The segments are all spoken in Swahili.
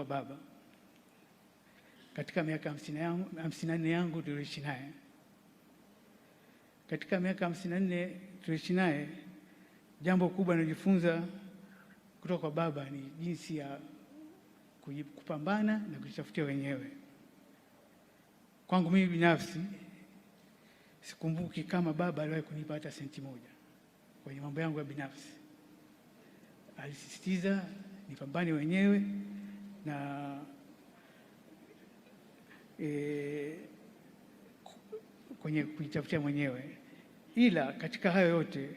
kwa baba. Katika miaka hamsini na nne yangu tuliishi naye, katika miaka hamsini na nne naye, jambo kubwa nilijifunza kutoka kwa baba ni jinsi ya kupambana na kujitafutia wenyewe. Kwangu mimi binafsi sikumbuki kama baba aliwahi kunipa hata senti moja kwenye mambo yangu ya binafsi. Alisisitiza nipambane wenyewe na e, kwenye kujitafutia mwenyewe, ila katika hayo yote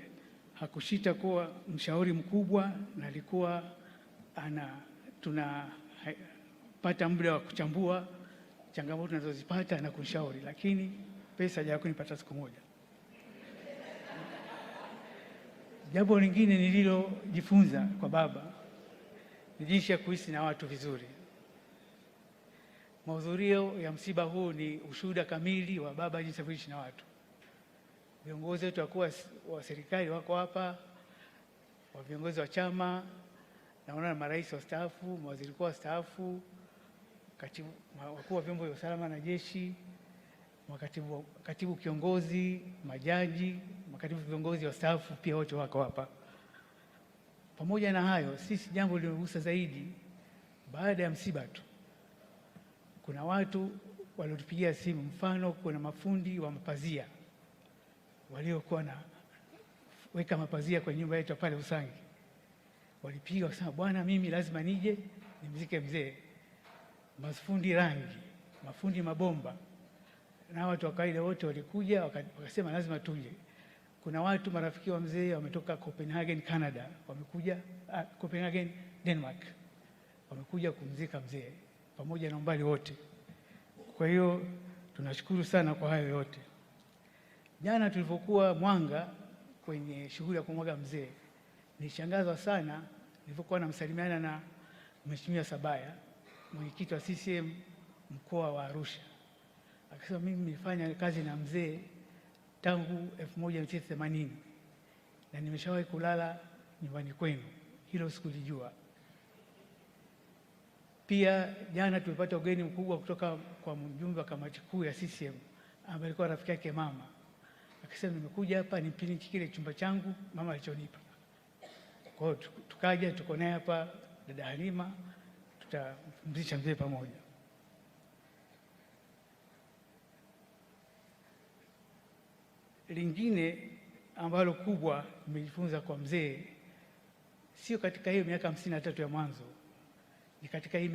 hakusita kuwa mshauri mkubwa na alikuwa ana tunapata muda wa kuchambua changamoto tunazozipata na kushauri lakini pesa hajawahi kunipata siku moja. Jambo lingine nililojifunza kwa baba ni jinsi ya kuishi na watu vizuri. Mahudhurio ya msiba huu ni ushuhuda kamili wa baba jinsi ya kuishi na watu. Viongozi wetu wakuu wa serikali wako hapa, wa viongozi wa chama, naona na marais wastaafu, mawaziri wakuu wastaafu, wakuu wa vyombo vya usalama na jeshi, makatibu katibu kiongozi, majaji, makatibu viongozi wastaafu pia wote wako hapa. Pamoja na hayo, sisi jambo lilogusa zaidi baada ya msiba tu, kuna watu waliotupigia simu. Mfano, kuna mafundi wa mapazia waliokuwa na weka mapazia kwenye nyumba yetu pale Usangi, walipiga wakasema, bwana, mimi lazima nije nimzike mzee. Mafundi rangi, mafundi mabomba na watu wa kawaida wote walikuja wakasema lazima tuje kuna watu marafiki wa mzee wametoka Copenhagen, Canada, wamekuja uh, Copenhagen, Denmark, wamekuja kumzika mzee pamoja na umbali wote. Kwa hiyo tunashukuru sana kwa hayo yote. Jana tulipokuwa Mwanga kwenye shughuli ya kumwaga mzee, nilishangazwa sana nilipokuwa namsalimiana na Mheshimiwa Sabaya, mwenyekiti wa CCM mkoa wa Arusha, akasema mimi nilifanya kazi na mzee tangu 1980 na nimeshawahi kulala nyumbani kwenu, hilo sikulijua. Pia jana tulipata ugeni mkubwa kutoka kwa mjumbe wa kamati kuu ya CCM ambaye alikuwa rafiki yake mama, akisema nimekuja hapa nipiniki kile chumba changu mama alichonipa. Kwa hiyo tukaja, tuko naye hapa dada Halima, tutapumzisha mzee pamoja. lingine ambalo kubwa nimejifunza kwa mzee, sio katika hiyo miaka hamsini na tatu ya mwanzo, ni katika hii